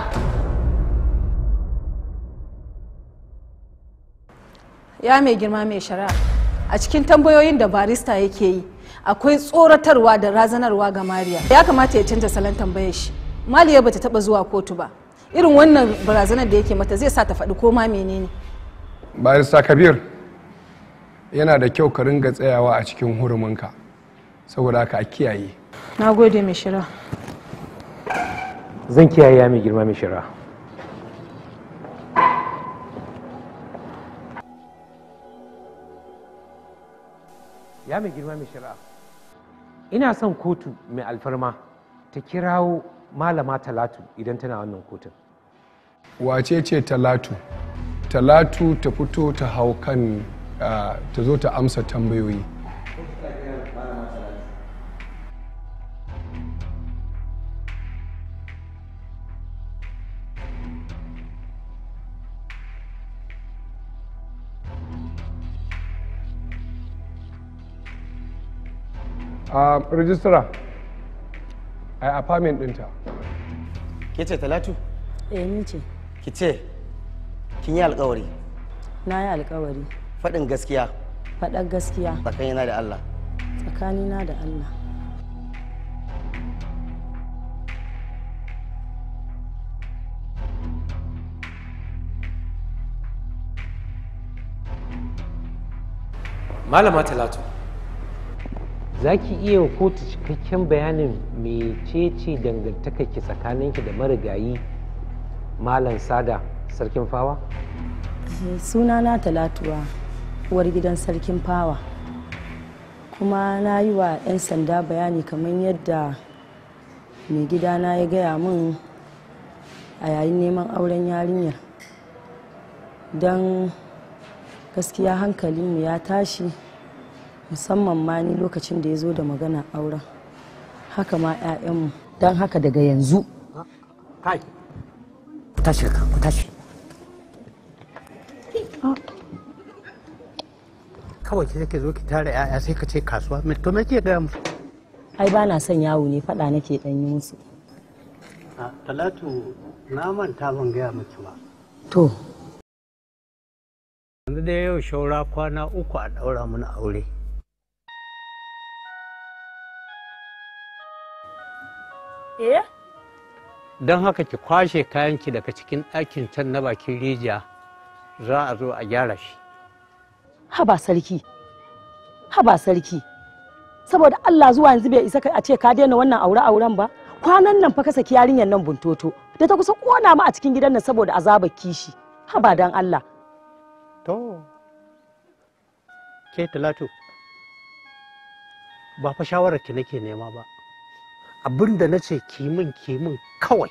Speaker 4: ya mai girma mai shari'a a cikin tambayoyin da barista yake yi akwai tsoratarwa da razanarwa ga mariya ya kamata ya canza salon tambayar shi maliya bata taba zuwa kotu ba irin wannan barazanar da yake mata zai sa ta faɗi ko ma menene
Speaker 7: barista kabir yana da kyau ka ringa tsayawa a cikin huruminka saboda haka a kiyaye
Speaker 4: na gode mai shari'a
Speaker 8: zan kiyaye mai girma mai shari'a ya mai girma mai shari'a ina son kotu mai alfarma ta kirawo malama talatu idan tana wannan kotun
Speaker 7: wace ce talatu talatu ta fito ta hau kan ah, ta zo ta amsa tambayoyi a registrar a yi
Speaker 1: apartment ɗinta ke ce talatu? eh ni ce ki ce kin yi alkawari
Speaker 3: na yi alkawari
Speaker 1: faɗin gaskiya
Speaker 3: faɗar gaskiya
Speaker 1: tsakani na da allah
Speaker 3: tsakani na da allah
Speaker 8: malama talatu za ki iya kotu cikakken bayanin mecece dangantaka ki tsakaninki da marigayi malam sada sarkin fawa
Speaker 3: eh, na talatuwa uwar gidan sarkin fawa kuma na yi wa 'yan sanda bayani kamar yadda mai na ya gaya min a yayin neman auren yarinyar don gaskiya hankalinmu ya tashi musamman ma ni lokacin da ya zo da magana auren haka ma 'ya'yanmu don haka daga yanzu kai ku tashi ku tashi ah. kawai ki yake zo ki tara 'ya'ya sai ka ce kasuwa me to me ke gaya musu ai ba na son yawo ne faɗa nake dan yi musu
Speaker 2: talatu na manta ban gaya miki ba to yanzu da yau shaura kwana uku a daura mana aure Eh? don haka ki kwashe kayanki daga cikin ɗakin can na bakin rijiya za a zo a gyara shi
Speaker 3: haba sarki haba sarki saboda Allah zuwa yanzu bai isa a ce ka daina wannan aure auren ba kwanan nan fa ka saki yarinyar nan buntoto da ta kusa kona mu a cikin gidan nan saboda azabar kishi haba dan Allah to
Speaker 2: ke talatu ba fa shawararki ki nake nema ba
Speaker 3: abin da na ce
Speaker 2: kimin kimin kawai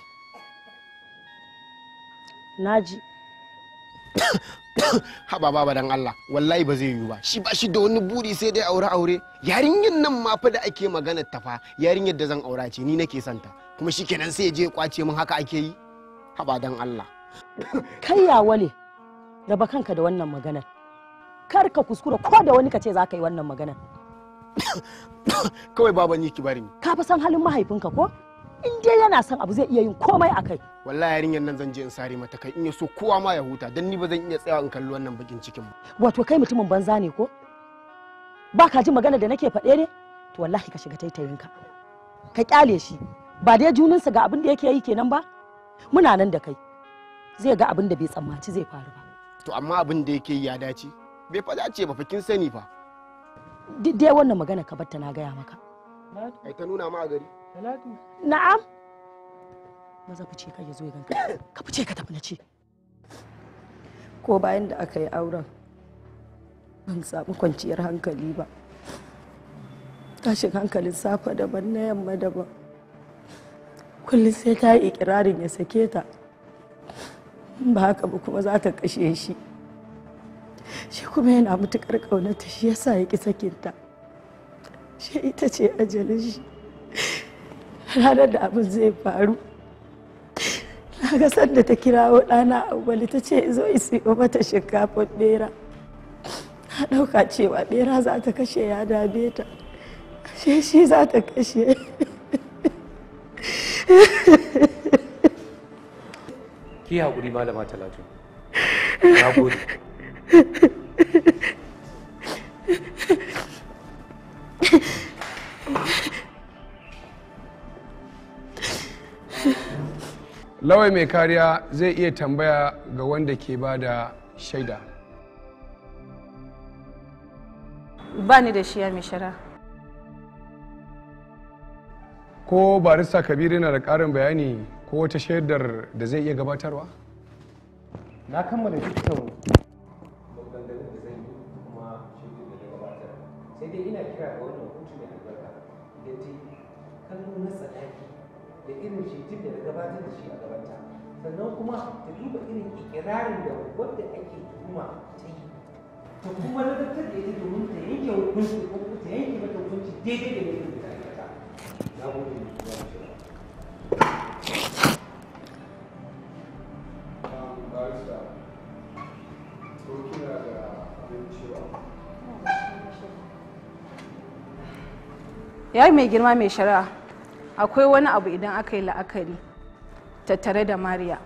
Speaker 2: naji
Speaker 1: haba baba dan Allah wallahi ba zai yiwu ba shi ba shi da wani buri sai dai aure aure yarinyar nan ma fa da ake magana ta fa yarinyar da zan aura ce ni nake santa kuma shi kenan sai je kwace min haka ake yi haba dan Allah
Speaker 3: kai ya wale raba kanka da wannan maganar kar ka kuskura ko da wani ka ce za ka yi wannan maganar
Speaker 1: kawai baban yi ki bari
Speaker 3: ka fa san halin mahaifinka ko in dai yana san abu zai iya yin komai a kai
Speaker 1: wallahi yarinyar nan zan je in sare mata kai in ya so kowa ma ya huta dan ni ba zan iya tsaya in kalli wannan bakin cikin ba
Speaker 3: wato kai mutumin banza ne ko ba ka ji magana da nake faɗe ne to wallahi ka shiga taitayinka ka kyale shi ba dai juninsa ga abin da yake yi kenan ba muna nan da kai zai ga abin da bai tsammaci zai faru ba
Speaker 1: to amma abin da yake yi ya dace bai fa dace ba fakin sani fa
Speaker 3: dai wannan magana ka batta na gaya maka
Speaker 1: ai ta nuna ma a gari
Speaker 3: na'am maza fice ka yazo ganka ka fice ka tafi na ce ko bayan da aka yi auren ban samu kwanciyar hankali ba
Speaker 6: tashin hankalin safa daban na yamma daban kullum sai ta yi ikirarin ya sake ta ba haka ba kuma za ta kashe shi shi kuma yana matuƙar ƙaunata shi yasa ya ƙi sakinta shi ita ce ajalin shi ranar da abin zai faru na ga sanda ta kirawo ɗana awwali ta ce zo siyo mata shinkafin bera na ɗauka cewa bera za ta kashe ya dame ta shi shi za ta kashe
Speaker 8: ki haƙuri malama talatu
Speaker 6: na gode
Speaker 7: lawai mai kariya zai iya tambaya ga wanda ke ba da shaida
Speaker 4: ba ni da shi ya mai shara
Speaker 7: ko barista kabiru na da karin bayani ko wata shaidar da zai iya gabatarwa
Speaker 8: na kammala duk kuma ta duba irin ikirarin da wanda ake tuhuma ta yi ta kuma lalatar da ita domin ta yanke hukunci ko kuma ta yanke mata hukunci daidai da mutum da aikata na gode
Speaker 7: da zuwa cewa
Speaker 4: um, ya mai girma mai shari'a akwai wani abu idan aka yi la'akari tattare da mariya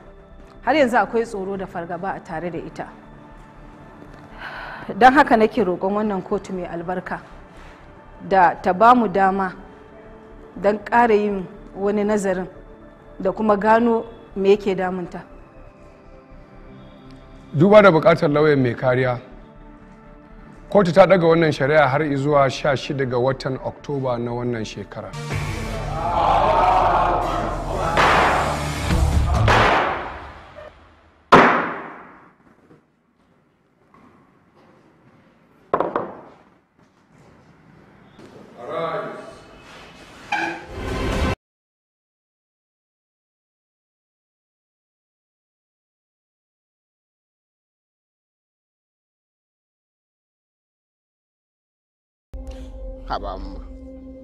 Speaker 4: har yanzu akwai tsoro da fargaba a tare da ita don haka nake roƙon wannan kotu mai albarka da ta ba mu dama don ƙara yin wani nazarin da kuma gano me yake damunta
Speaker 7: duba da buƙatar lauyan mai kariya kotu ta ɗaga wannan shari'a har zuwa 16 ga watan oktoba na wannan shekara.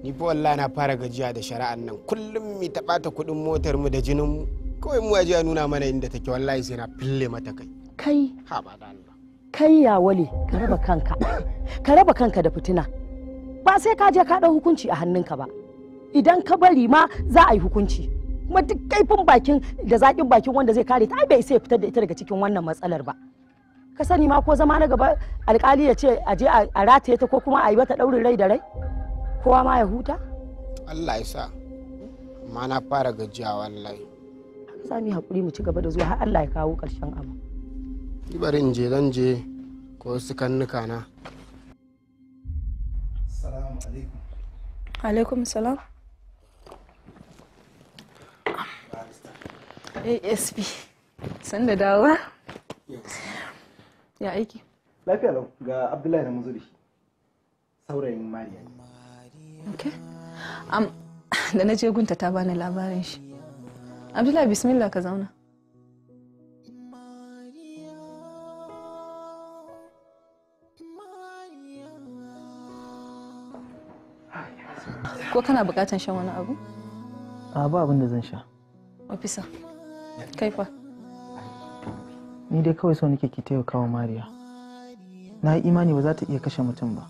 Speaker 6: ni fa wallahi na fara gajiya da shari'an nan kullum mi ta bata
Speaker 1: kuɗin motar mu da jinin mu kawai mu waje ya nuna mana inda take wallahi sai na fille mata kai
Speaker 3: kai ba da Allah kai ya wale ka raba kanka ka raba kanka da fitina ba sai ka je ka da hukunci a hannunka ba idan ka bari ma za a yi hukunci kuma duk kaifin bakin da zaƙin bakin wanda zai kare ta ai bai sai fitar da ita daga cikin wannan matsalar ba ka sani ma ko zama na gaba alkali ya ce a je a rataye ta ko kuma a yi wata daurin rai da rai kowa ma ya huta
Speaker 1: Allah ya sa amma na fara gajiya wallahi
Speaker 3: haka za mu hakuri mu ci gaba da zuwa har Allah ya kawo karshen abu
Speaker 1: ni bari in je dan je ko su nuka na
Speaker 4: assalamu alaikum alaikum salam ASB sanda da dawa ya aiki
Speaker 1: lafiya lau ga abdullahi na muzuri saurayin mariya
Speaker 4: okay Am da na je gunta ta bani labarin shi abdullahi bismillah ka zauna ko kana bukatan shan wani abu?
Speaker 5: a ba abin da zan sha
Speaker 4: ofisa kai fa
Speaker 5: ni dai kawai so
Speaker 1: nake ki taimaka wa mariya na yi imani ba za ta iya kashe mutum ba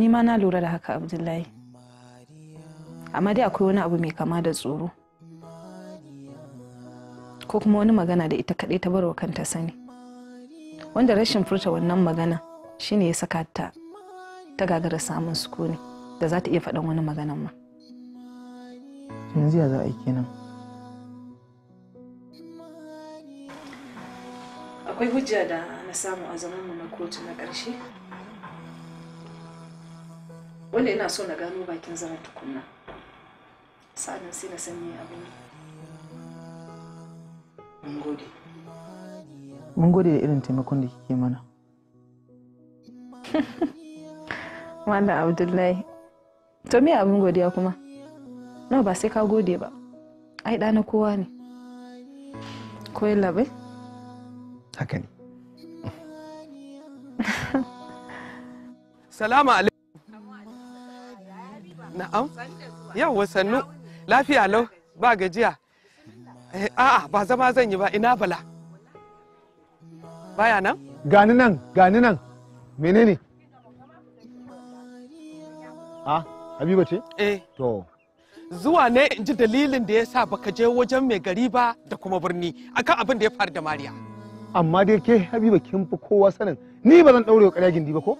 Speaker 4: ni ma na lura da haka abdullahi amma dai akwai wani abu mai kama da tsoro ko kuma wani magana da ita kaɗai ta bar wa kanta sani wanda rashin furta wannan magana shine ya saka ta ta gagara samun sukuni da za ta iya faɗan wani maganan ma
Speaker 1: yanzu ya za a yi kenan
Speaker 4: akwai hujja da na samu a zaman mu na kotu na ƙarshe wanda ina so na gano bakin zama tukunna sa'anin sai na san me abu ne mun gode
Speaker 5: mun gode da irin taimakon da kike mana
Speaker 4: wanda Abdullahi to me abin godiya kuma no ba sai ka gode ba ai ɗa na kowa ne
Speaker 6: koyi labai haka ne
Speaker 5: alaikum na'am yawwa sannu lafiya lau ba gajiya eh, a'a ba zama zan yi ba ina bala baya nan
Speaker 1: gani nan gani nan
Speaker 5: menene a ah, habiba ce eh to zuwa ne in ji dalilin da ya sa baka je wajen mai gari ba da kuma birni akan abin da ya faru da mariya
Speaker 1: amma dai ke habiba kin fi kowa sanin ni ba zan daure wa ƙarya gindi ba ko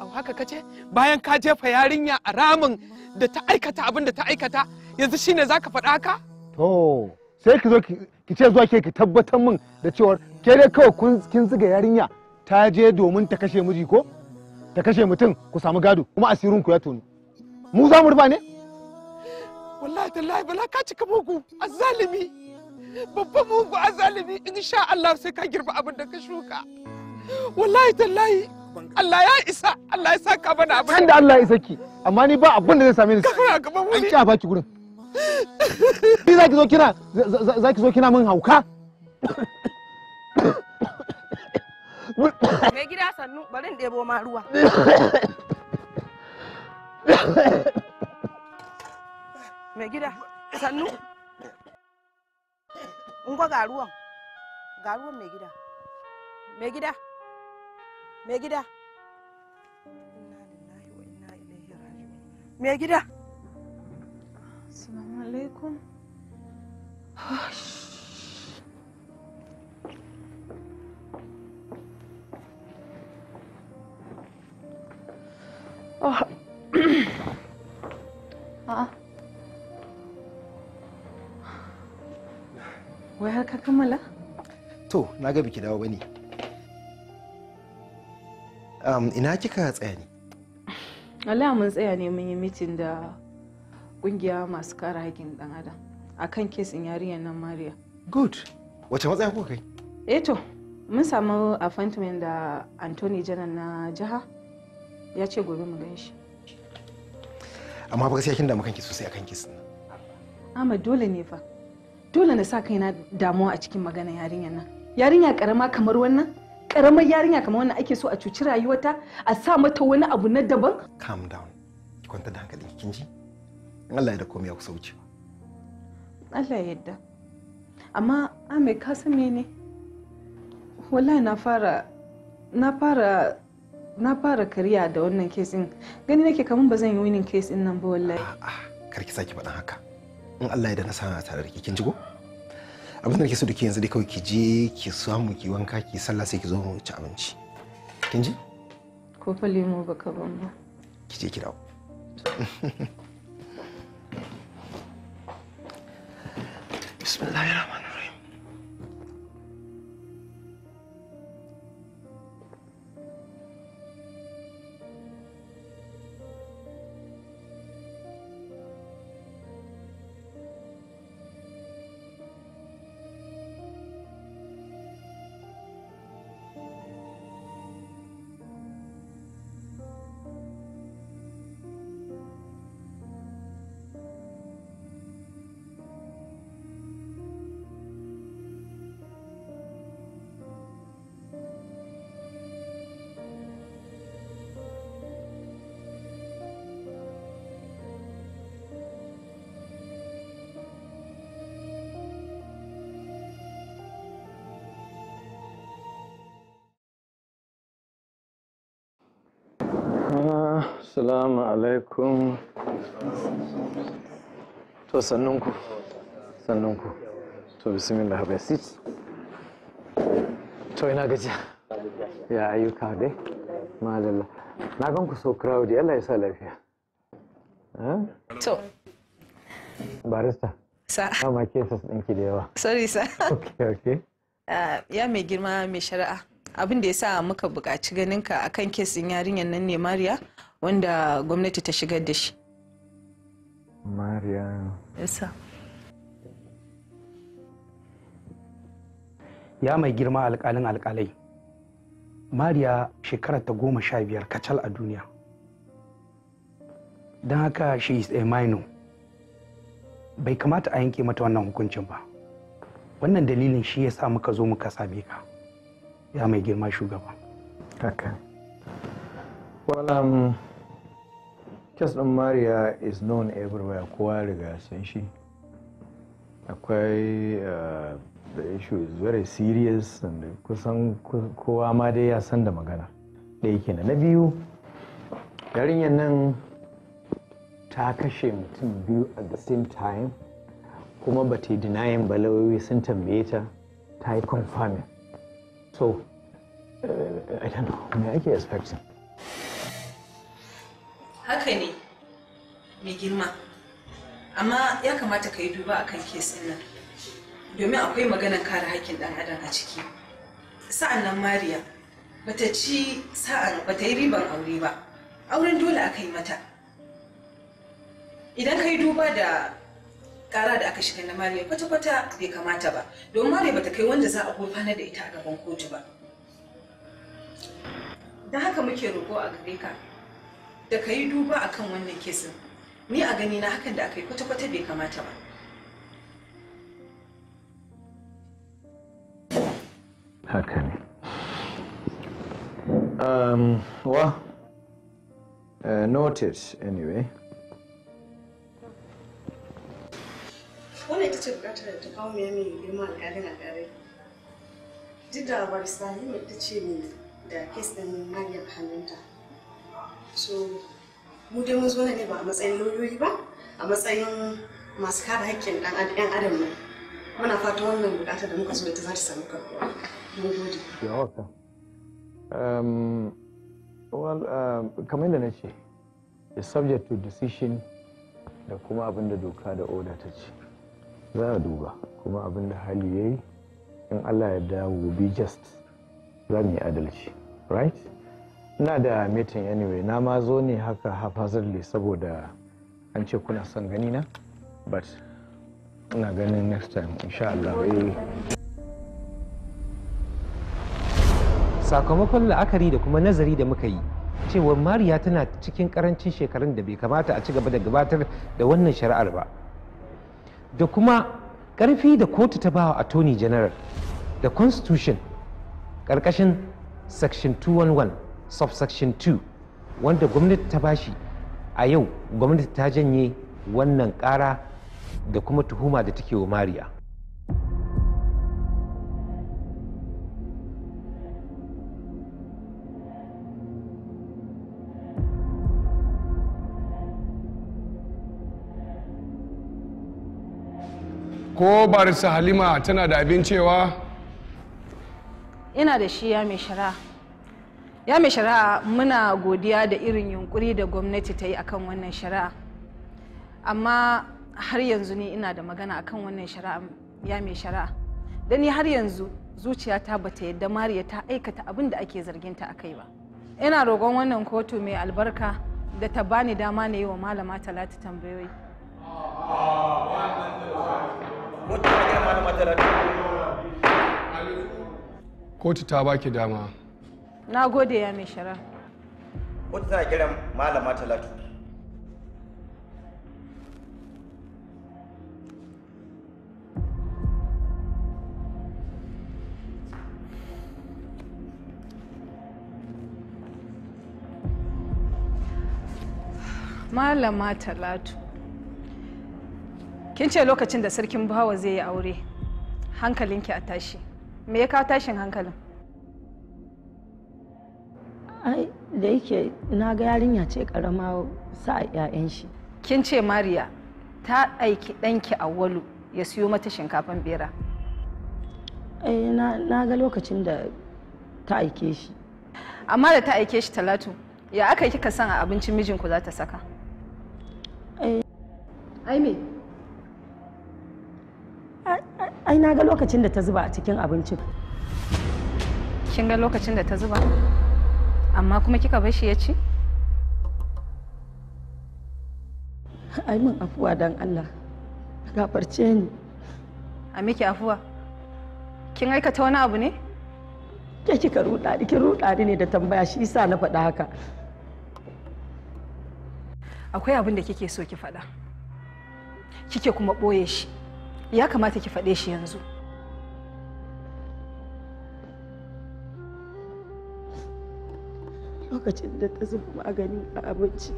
Speaker 5: a haka kace bayan ka jefa yarinya a ramin da ta aikata abin da ta aikata yanzu shine zaka faɗa ka.
Speaker 1: to sai ki zo ki ce zuwa ke ki tabbatar min da cewar ke dai kawai kin ziga yarinya ta je domin ta kashe miji ko ta kashe mutum ku samu gado kuma asirin ku ya tonu mu za mu rufa ne
Speaker 5: wallahi tallahi bala ka cika mugu azzalimi babban mungu azalimi in sha Allah sai ka girba abin da ka shuka wallahi tallahi Allah ya isa Allah ya saka bana abin Kan da Allah ya
Speaker 1: saki amma ni ba abin da zai same ni
Speaker 5: an
Speaker 1: kya baki gurin ni zaki zo kina zaki zo kina min hauka
Speaker 3: mai gida sannu bari in ɗebo ma ruwa mai gida sannu Ungo ga ruwan. Ga ruwan mai gida. Mai gida. Mai gida.
Speaker 6: Mai gida.
Speaker 4: Assalamu alaikum.
Speaker 6: Oh. Ah. ah.
Speaker 4: wai har ka kammala
Speaker 1: to na ga biki dawo bane um,
Speaker 8: ina kika tsaya ne
Speaker 4: Allah mun tsaya ne mun yi mitin da kungiya masu kare haƙƙin dan adam akan kesin yarinyar nan Mariya
Speaker 8: good
Speaker 9: wace
Speaker 1: matsaya kuka kai
Speaker 4: eh to mun samu appointment da Anthony Janan na jiha ya ce gobe mu gan shi
Speaker 1: amma ba sai kin da makanki sosai akan kesin
Speaker 4: Ahmad dole ne fa dole na sa kaina damuwa a cikin magana yarinyar nan yarinya karama kamar wannan karamar yarinya kamar wannan ake so a cuci rayuwarta a sa mata wani abu na daban
Speaker 1: calm down ki kwanta da hankali kin ji
Speaker 8: Allah ya da komai ya kusa wucewa
Speaker 4: Allah ya yarda amma ame ka san mene wallahi na fara na fara na fara kariya da wannan kesin gani nake kamar ba zan yi winning case din nan ba wallahi a'a ah,
Speaker 1: ah, kar ki saki faɗin haka in Allah ya da na sana tare da ki kin ji ko abin da nake so da ke yanzu dai kawai ki je ki samu ki wanka ki sallah sai ki zo mu ci abinci kin ji
Speaker 4: ko fa lemo baka ban ba
Speaker 2: ki je ki dawo bismillahir rahmanir Assalamu alaikum. To sannunku, sannunku. To bismillah ba sit.
Speaker 8: To ina gajiya. Ya ayyuka dai. Malala. Na gan ku so crowd, Allah ya sa lafiya. Eh? To. Barista. Sa. Dama cases ɗinki da yawa. Sorry sa. Okay, okay.
Speaker 4: Ah, ya mai girma mai shari'a. abin da ya sa muka buƙaci ganinka akan kesin yarinyar nan ne mariya wanda gwamnati ta shigar da shi
Speaker 8: mariya ya mai girma alƙalin alƙalai mariya shekarar ta goma sha biyar kacal a duniya don haka she is a minor bai kamata a yanke mata wannan hukuncin ba wannan dalilin shi ya sa muka zo muka same ka ya mai girma shugaba haka okay.
Speaker 2: well, um... kes ɗin mariya is known everywhere
Speaker 1: kowa riga san shi akwai eh, the issue is
Speaker 2: very serious and kusan kowa ma dai ya san da magana ɗaya kenan na biyu yarinyar nan ta kashe mutum biyu at the same time kuma ba ta yi denying ba lauyoyi sun tambaye ta ta yi confirming so uh, i don't know me ake expecting
Speaker 4: haka ne mai girma amma ya kamata ka yi duba a kan kesin nan domin akwai maganar kare haƙƙin ɗan adam a ciki sa'an nan mariya bata ci sa'an bata yi riban aure ba auren dole aka yi mata idan ka yi duba da kara da aka shiga na mariya kwata-kwata bai kamata ba domin mariya bata kai wanda za a gurfanar da ita a gaban kotu ba don haka muke roƙo a gare ka da ka yi duba a kan wannan kesin ni a gani na hakan da aka yi kwata-kwata bai kamata ba
Speaker 2: haka ne um,
Speaker 7: well, uh, noted anyway
Speaker 6: wannan ita ce bukatar da ta kawo mai mai girma alƙalin a gare duk da barista ne ta ce ne da kes ɗin mariyar hannunta so mu dai mun zo ne ba a matsayin lauyoyi ba a matsayin masu kare haƙƙin ɗan adam ne muna fatan wannan buƙatar da muka so ta za ta samu karɓuwa mun gode
Speaker 7: ya um,
Speaker 9: well um, kamar yadda na ce is subject to decision da kuma abin da doka da oda ta ce za a duba kuma abin da hali ya yi in
Speaker 2: allah ya dawo be just za mu yi adalci right ina da metin anyway na ma zo ne haka haphazardly saboda an ce kuna son gani na
Speaker 8: but ina ganin next time insha Allah sakamakon la'akari da kuma nazari da muka yi cewar mariya tana cikin karancin shekarun da bai kamata a ci gaba da gabatar da wannan shari'ar ba da kuma karfi da kotu ta bawa attorney general da constitution karkashin section 211 subsection 2 wanda gwamnati ta bashi a yau gwamnati ta janye wannan kara da kuma tuhuma da take wa mariya
Speaker 7: ko barisa halima tana da abin cewa
Speaker 4: ina da shi ya mai shara ya mai shari'a muna godiya da irin yunkuri da gwamnati ta yi akan wannan shari'a amma har yanzu ni ina da magana akan wannan shari'a ya mai shari'a da ni har yanzu zuciyata ba ta yadda mariya ta aikata abin da ake zarginta a kai ba ina rogon wannan kotu mai albarka da ta bani dama na yi wa malama talatu tambayoyi
Speaker 7: kotu ta baki dama
Speaker 4: na gode ya mai shara
Speaker 9: wata tana kiran malama talatu
Speaker 4: malama talatu kin ce lokacin da sarkin bawa zai yi aure hankalinki a tashi me ya kawo tashin hankalin
Speaker 3: ai da yake na ga yarinya ce karama sa ƴaƴan shi kin ce mariya
Speaker 4: ta aiki ɗanki walu ya siyo mata shinkafan bera
Speaker 3: eh, ai na ga lokacin da ta aike shi
Speaker 4: amma da ta aike shi talatu ya aka kika san a abincin mijinku za ta saka
Speaker 3: eh. ai me ai na ga lokacin da ta zuba a cikin abincin
Speaker 4: kin ga lokacin da ta zuba
Speaker 3: amma kuma kika bar shi ya ci ai min afuwa dan Allah gafarce ni
Speaker 4: a miki afuwa
Speaker 6: kin
Speaker 3: aikata wani abu ne ke kika ruda kin ruda ne da tambaya shi yasa na faɗa haka akwai abin da kike so ki faɗa
Speaker 4: kike kuma ɓoye shi ya kamata ki faɗe shi yanzu
Speaker 6: lokacin da ta zuba magani a abinci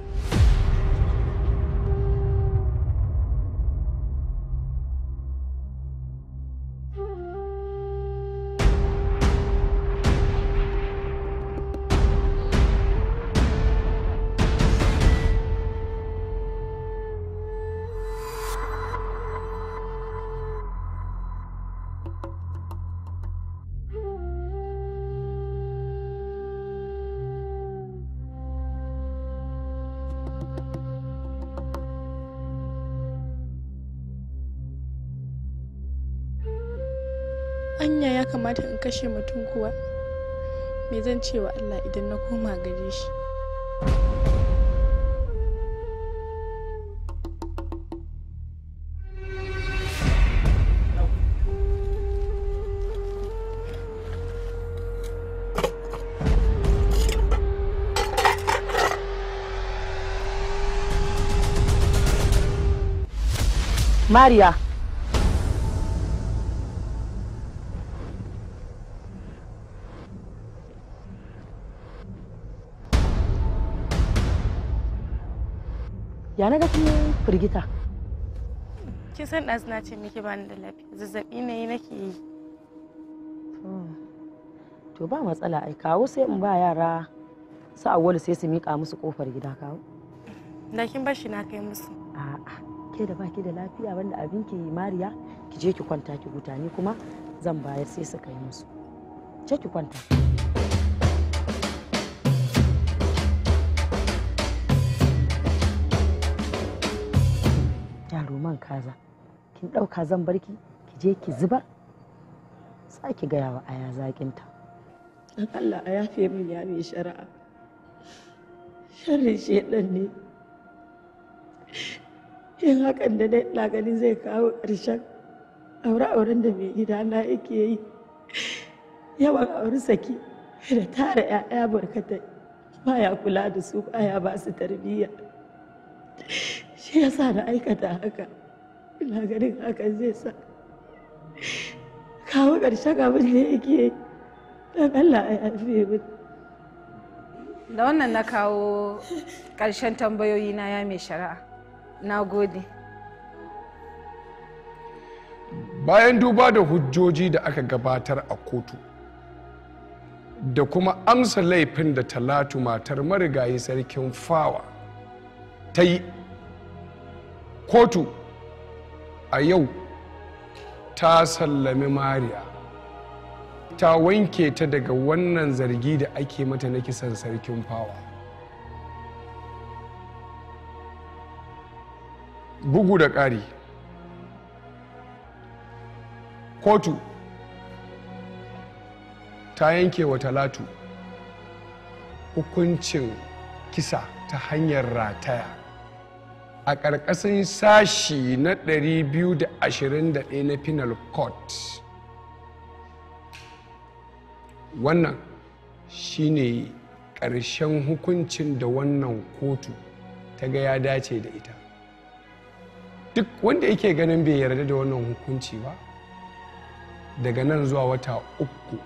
Speaker 6: kashe mutum kuwa me zan ce wa allah idan na koma gare shi
Speaker 3: Maria ya na ga firgita
Speaker 6: kin san ɗazu na ce miki bani da lafiya zazzabi ne nake yi
Speaker 3: to ba matsala ai kawo sai in ba yara su awwalu sai su mika musu kofar gida kawo
Speaker 6: da kin bashi na kai musu
Speaker 3: a'a ke da baki da lafiya banda abin ki mariya ki je ki kwanta ki huta ni kuma zan bayar sai su kai musu je ki kwanta naman kaza kin ɗauka zan barki ki je ki zubar sake gaya wa aya zaƙinta
Speaker 6: dan Allah a yafe min ya mai shari'a sharri shedan ne yin hakan da na gani zai kawo ƙarshen aure-auren da mai gida na yake yi yawan auri saki da tara 'ya'ya barkatai ya kula da su ya ba su tarbiyya shi yasa na aikata haka ina ganin haka zai sa kawo ƙarshen abin da yake don Allah ya yafe da wannan na
Speaker 4: kawo ƙarshen tambayoyi na ya mai shari'a na gode
Speaker 7: bayan duba da hujjoji da aka gabatar a kotu da kuma amsa laifin da talatu matar marigayi sarkin fawa ta yi kotu a yau ta sallami mariya ta wanke ta daga wannan zargi da ake mata na kisan sarkin fawa bugu da ƙari kotu ta yanke wa talatu hukuncin kisa ta hanyar rataya a ƙarƙashin sashi na 221 na penal court wannan shi ne ƙarshen hukuncin da wannan kotu ta ga ya dace da ita duk wanda yake ganin bai yarda da wannan hukunci ba daga nan zuwa wata uku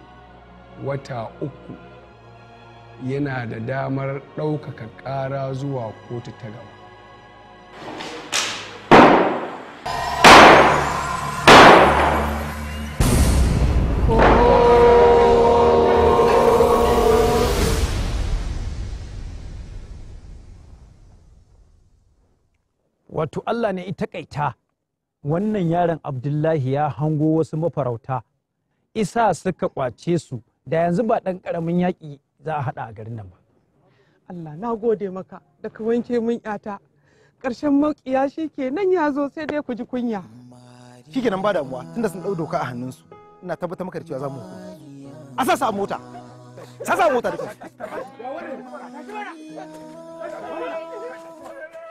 Speaker 7: wata uku yana da damar ɗaukaka ƙara zuwa kotu ta gaba
Speaker 8: wato Allah ne ita kaita wannan yaron Abdullahi ya hango wasu mafarauta isa suka kwace su da yanzu ba ɗan ƙaramin yaƙi za a haɗa a garin nan ba.
Speaker 5: Allah na gode maka da ka wanke min ƴata ƙarshen maƙiya shi ke nan ya zo sai dai ku ji kunya.
Speaker 1: Shi ke nan ba damuwa tunda sun ɗau doka a hannunsu ina tabbatar maka da cewa za mu hukuma. A sa mota. Sa mota da kai.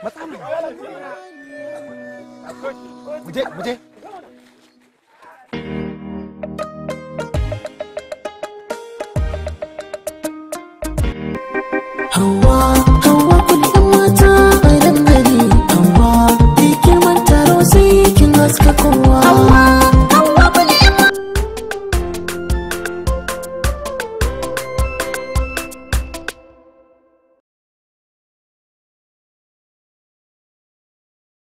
Speaker 1: matsa mu muje muje
Speaker 6: Hawa, hawa kullum mata a dangare Hawa, ke manta rosai kin haska kowa Hawa